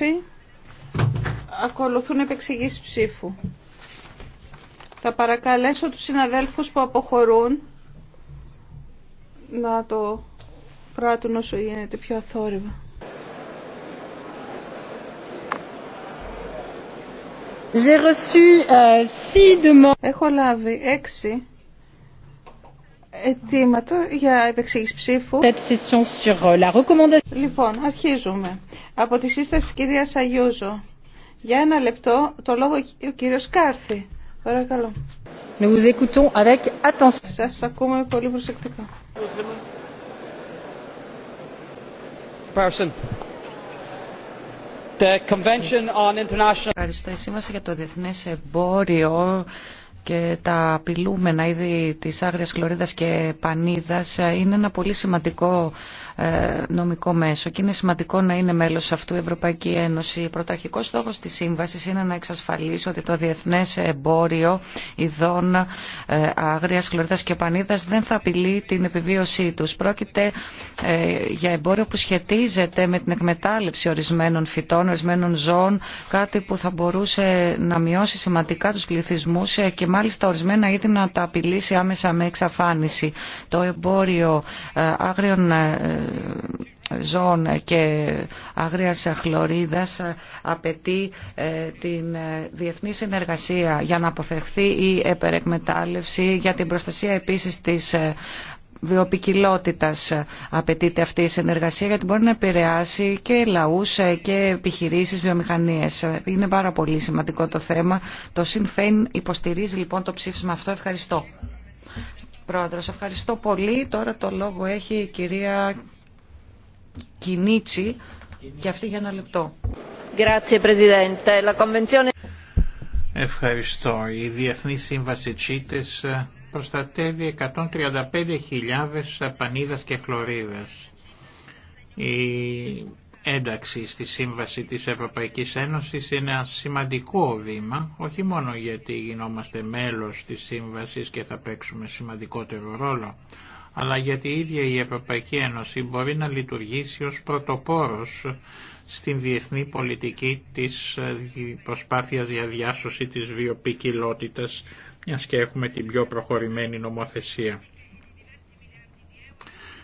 συνάδελφοι, ακολουθούν επεξηγήσεις ψήφου. Θα παρακαλέσω τους συναδέλφους που αποχωρούν να το πράττουν όσο γίνεται πιο αθόρυβα. Euh, Έχω λάβει έξι αιτήματα για επεξήγηση ψήφου. Euh, λοιπόν, αρχίζουμε. Από τη σύσταση της κυρίας Αγιούζο. Για ένα λεπτό, το λόγο ο κύριος Κάρθη. Παρακαλώ. Σας ακούμε πολύ προσεκτικά. Ευχαριστώ. Η σύμβαση για το διεθνές εμπόριο και τα απειλούμενα είδη της άγριας χλωρίδας και πανίδας ε, είναι ένα πολύ σημαντικό ε, νομικό μέσο και είναι σημαντικό να είναι μέλος αυτού η Ευρωπαϊκή Ένωση. Ο πρωταρχικός στόχος της σύμβασης είναι να εξασφαλίσει ότι το διεθνές εμπόριο ειδών ε, άγριας χλωρίδας και πανίδας δεν θα απειλεί την επιβίωσή τους. Πρόκειται για εμπόριο που σχετίζεται με την εκμετάλλευση ορισμένων φυτών, ορισμένων ζώων, κάτι που θα μπορούσε να μειώσει σημαντικά τους πληθυσμούς και μάλιστα ορισμένα ήδη να τα απειλήσει άμεσα με εξαφάνιση. Το εμπόριο ε, άγριων ε, ζώων και άγριας χλωρίδας ε, απαιτεί την διεθνή συνεργασία για να αποφευχθεί η επερεκμετάλλευση, για την προστασία επίσης της βιοπικιλότητας απαιτείται αυτή η συνεργασία γιατί μπορεί να επηρεάσει και λαούς ε, και επιχειρήσεις, βιομηχανίες. Είναι πάρα πολύ σημαντικό το θέμα. Το ΣΥΝΦΕΙΝ υποστηρίζει λοιπόν το ψήφισμα αυτό. Ευχαριστώ. Πρόεδρος, ευχαριστώ πολύ. Τώρα το λόγο έχει η κυρία Κινίτσι και αυτή για ένα λεπτό. Ευχαριστώ. Η Διεθνή Σύμβαση Τσίτες προστατεύει 135.000 πανίδας και χλωρίδας. Η ένταξη στη Σύμβαση της Ευρωπαϊκής Ένωσης είναι ένα σημαντικό βήμα, όχι μόνο γιατί γινόμαστε μέλος της Σύμβασης και θα παίξουμε σημαντικότερο ρόλο, αλλά γιατί η ίδια η Ευρωπαϊκή Ένωση μπορεί να λειτουργήσει ως πρωτοπόρος στην διεθνή πολιτική της προσπάθειας για διάσωση της βιοπικιλότητας μιας και έχουμε την πιο προχωρημένη νομοθεσία.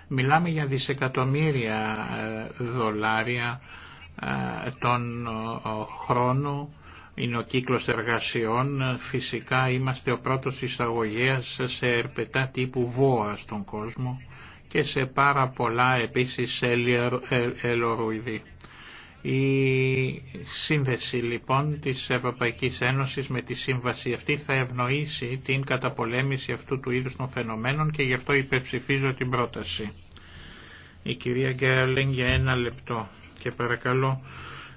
Μιλάμε για δισεκατομμύρια ε, δολάρια ε, τον χρόνο, είναι ο κύκλος εργασιών. Φυσικά είμαστε ο πρώτος εισαγωγέας σε ερπετά τύπου βόα στον κόσμο και σε πάρα πολλά επίσης ελ, η σύνδεση λοιπόν της Ευρωπαϊκής Ένωσης με τη σύμβαση αυτή θα ευνοήσει την καταπολέμηση αυτού του είδους των φαινομένων και γι' αυτό υπερψηφίζω την πρόταση. Η κυρία Γκέρλινγκ για ένα λεπτό και παρακαλώ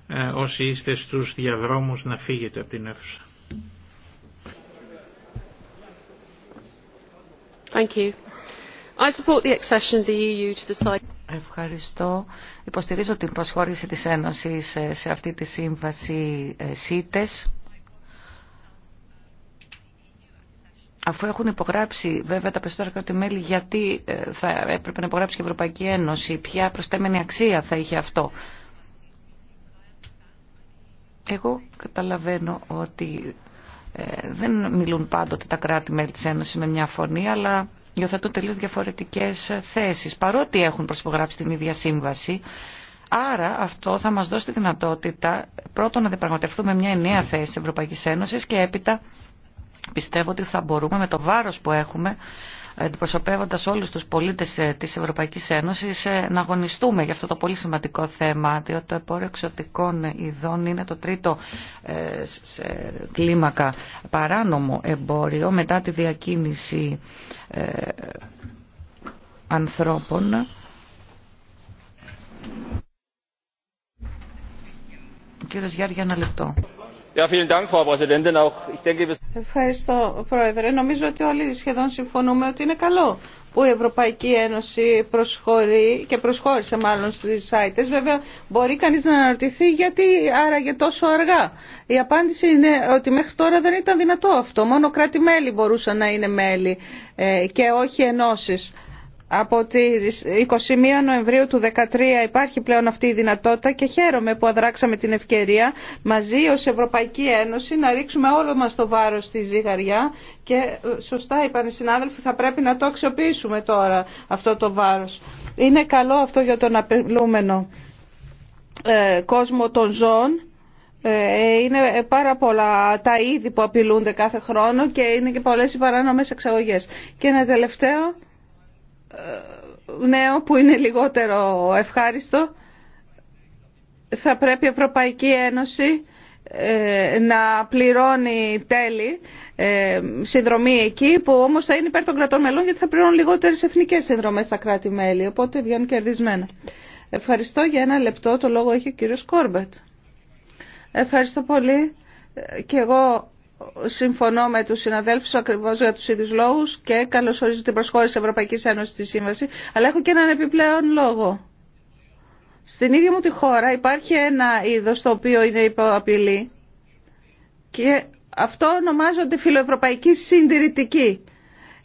ε, όσοι είστε στους διαδρόμους να φύγετε από την αίθουσα. EU Ευχαριστώ. Υποστηρίζω την προσχώρηση της Ένωσης ε, σε αυτή τη σύμβαση ε, ΣΥΤΕΣ. Αφού έχουν υπογράψει βέβαια τα περισσότερα κράτη-μέλη, γιατί ε, θα έπρεπε να υπογράψει και η Ευρωπαϊκή Ένωση, ποια προστέμενη αξία θα είχε αυτό. Εγώ καταλαβαίνω ότι δεν μιλούν πάντοτε τα κράτη-μέλη της Ένωσης με μια φωνή, αλλά υιοθετούν τελείως διαφορετικές θέσεις, παρότι έχουν προσυπογράψει την ίδια σύμβαση. Άρα αυτό θα μας δώσει τη δυνατότητα πρώτον να διαπραγματευτούμε μια νέα θέση της Ευρωπαϊκής Ένωσης και έπειτα πιστεύω ότι θα μπορούμε με το βάρος που έχουμε αντιπροσωπεύοντας όλους τους πολίτες ε, της Ευρωπαϊκής Ένωσης ε, να αγωνιστούμε για αυτό το πολύ σημαντικό θέμα, διότι το εμπόριο εξωτικών ειδών είναι το τρίτο ε, σε κλίμακα παράνομο εμπόριο μετά τη διακίνηση ανθρώπων. Κύριε Γιάννη, για ένα λεπτό. Ευχαριστώ, Πρόεδρε. Νομίζω ότι όλοι σχεδόν συμφωνούμε ότι είναι καλό που η Ευρωπαϊκή Ένωση προσχωρεί και προσχώρησε μάλλον στις σάιτες. Βέβαια, μπορεί κανείς να αναρωτηθεί γιατί άραγε τόσο αργά. Η απάντηση είναι ότι μέχρι τώρα δεν ήταν δυνατό αυτό. Μόνο κράτη-μέλη μπορούσαν να είναι μέλη ε, και όχι ενώσεις. Από τι 21 Νοεμβρίου του 2013 υπάρχει πλέον αυτή η δυνατότητα και χαίρομαι που αδράξαμε την ευκαιρία μαζί ως Ευρωπαϊκή Ένωση να ρίξουμε όλο μας το βάρος στη ζυγαριά και ε, σωστά είπαν οι συνάδελφοι θα πρέπει να το αξιοποιήσουμε τώρα αυτό το βάρος. Είναι καλό αυτό για τον απελούμενο ε, κόσμο των ζώων ε, είναι πάρα πολλά τα είδη που απειλούνται κάθε χρόνο και είναι και πολλές οι παράνομες εξαγωγές. Και ένα τελευταίο ε, νέο που είναι λιγότερο ευχάριστο. Θα πρέπει η Ευρωπαϊκή Ένωση ε, να πληρώνει τέλη ε, συνδρομή εκεί που όμως θα είναι υπέρ των κρατών μελών γιατί θα πληρώνουν λιγότερες εθνικές συνδρομές στα κράτη-μέλη οπότε βγαίνουν κερδισμένα. Ευχαριστώ για ένα λεπτό. Το λόγο έχει ο κύριος Κόρμπετ. Ευχαριστώ πολύ και εγώ συμφωνώ με τους συναδέλφους ακριβώς για τους ίδιους λόγους και καλωσορίζω την προσχώρηση της Ευρωπαϊκής Ένωσης στη Σύμβαση, αλλά έχω και έναν επιπλέον λόγο. Στην ίδια μου τη χώρα υπάρχει ένα είδος το οποίο είναι απειλή και αυτό ονομάζονται φιλοευρωπαϊκοί συντηρητικοί.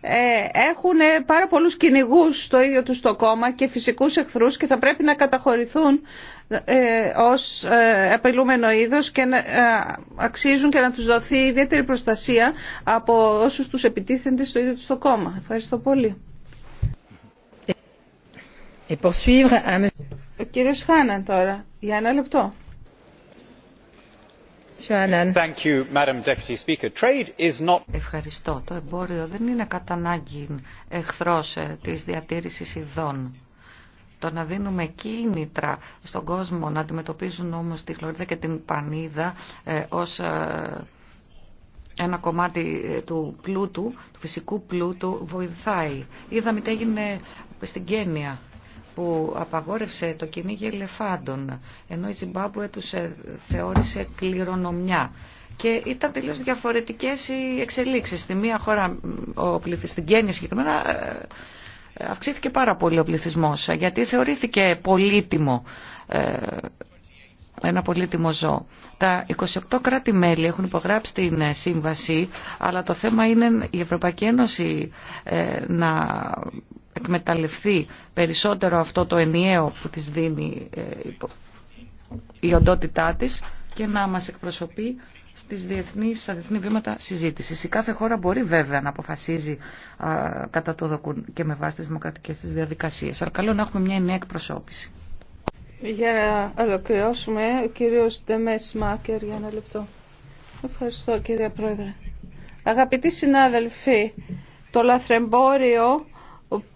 Ε, έχουν πάρα πολλούς κυνηγού στο ίδιο τους το κόμμα και φυσικούς εχθρούς και θα πρέπει να καταχωρηθούν ε, ως ε, απελούμενο είδος και να αξίζουν και να τους δοθεί ιδιαίτερη προστασία από όσους τους επιτίθενται στο ίδιο τους το κόμμα. Ευχαριστώ πολύ. Euh, Ο κύριος Χάναν τώρα, για ένα λεπτό. Trade is not... Ευχαριστώ. Το εμπόριο δεν είναι κατά ανάγκη εχθρός ε, της διατήρησης ειδών. Το να δίνουμε κίνητρα στον κόσμο να αντιμετωπίζουν όμως τη χλωρίδα και την πανίδα ε, ως ε, ένα κομμάτι ε, του πλούτου, του φυσικού πλούτου, βοηθάει. Είδαμε τι έγινε στην Κένια που απαγόρευσε το κυνήγι ελεφάντων, ενώ η Τζιμπάμπουε τους ε, θεώρησε κληρονομιά. Και ήταν τελείως διαφορετικές οι εξελίξεις. Στη μία χώρα, ο στην Κένια συγκεκριμένα, ε, ε, αυξήθηκε πάρα πολύ ο πληθυσμός, γιατί θεωρήθηκε πολύτιμο ένα πολύτιμο ζώο. Τα 28 κράτη-μέλη έχουν υπογράψει την ε, σύμβαση, αλλά το θέμα είναι η Ευρωπαϊκή Ένωση ε, να εκμεταλλευτεί περισσότερο αυτό το ενιαίο που της δίνει ε, η οντότητά της και να μας εκπροσωπεί στις διεθνείς, στα διεθνή βήματα συζήτησης. Η κάθε χώρα μπορεί βέβαια να αποφασίζει κατά το δοκούν και με βάση τις δημοκρατικές της διαδικασίες. Αλλά καλό να έχουμε μια ενιαία εκπροσώπηση. Για να ολοκληρώσουμε, ο κύριος Ντεμές Μάκερ για ένα λεπτό. Ευχαριστώ κύριε Πρόεδρε. Αγαπητοί συνάδελφοι, το λαθρεμπόριο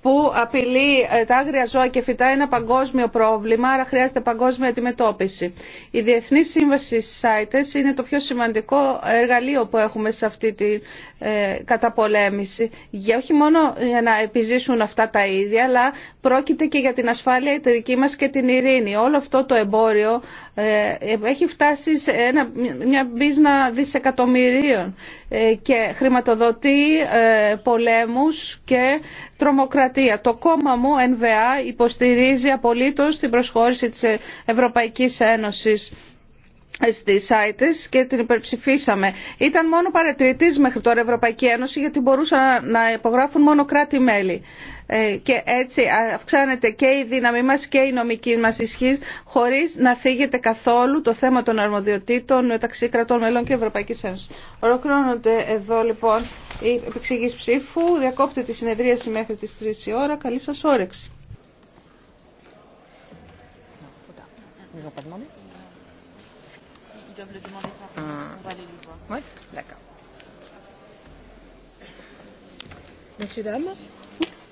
που απειλεί ε, τα άγρια ζώα και φυτά ένα παγκόσμιο πρόβλημα, άρα χρειάζεται παγκόσμια αντιμετώπιση. Η Διεθνή Σύμβαση ΣΑΙΤΕΣ είναι το πιο σημαντικό εργαλείο που έχουμε σε αυτή την ε, καταπολέμηση. Για όχι μόνο για να επιζήσουν αυτά τα ίδια, αλλά πρόκειται και για την ασφάλεια τη δική μας και την ειρήνη. Όλο αυτό το εμπόριο ε, έχει φτάσει σε ένα, μια μπίζνα δισεκατομμυρίων και χρηματοδοτεί πολέμους και τρομοκρατία δημοκρατία. Το κόμμα μου, NVA, υποστηρίζει απολύτως την προσχώρηση της Ευρωπαϊκής Ένωσης στις σάιτες και την υπερψηφίσαμε. Ήταν μόνο παρατηρητή μέχρι τώρα Ευρωπαϊκή Ένωση γιατί μπορούσαν να υπογράφουν μόνο κράτη-μέλη. Ε, και έτσι αυξάνεται και η δύναμή μας και η νομική μας ισχύ χωρίς να θίγεται καθόλου το θέμα των αρμοδιοτήτων μεταξύ κρατών μελών και Ευρωπαϊκής Ένωσης. Ολοκληρώνονται εδώ λοιπόν οι επεξηγείς ψήφου. Διακόπτε τη συνεδρίαση μέχρι τις 3 η ώρα. Καλή σας όρεξη doivent le demander par On va aller les voir. Oui, d'accord. Messieurs, dames. Oups.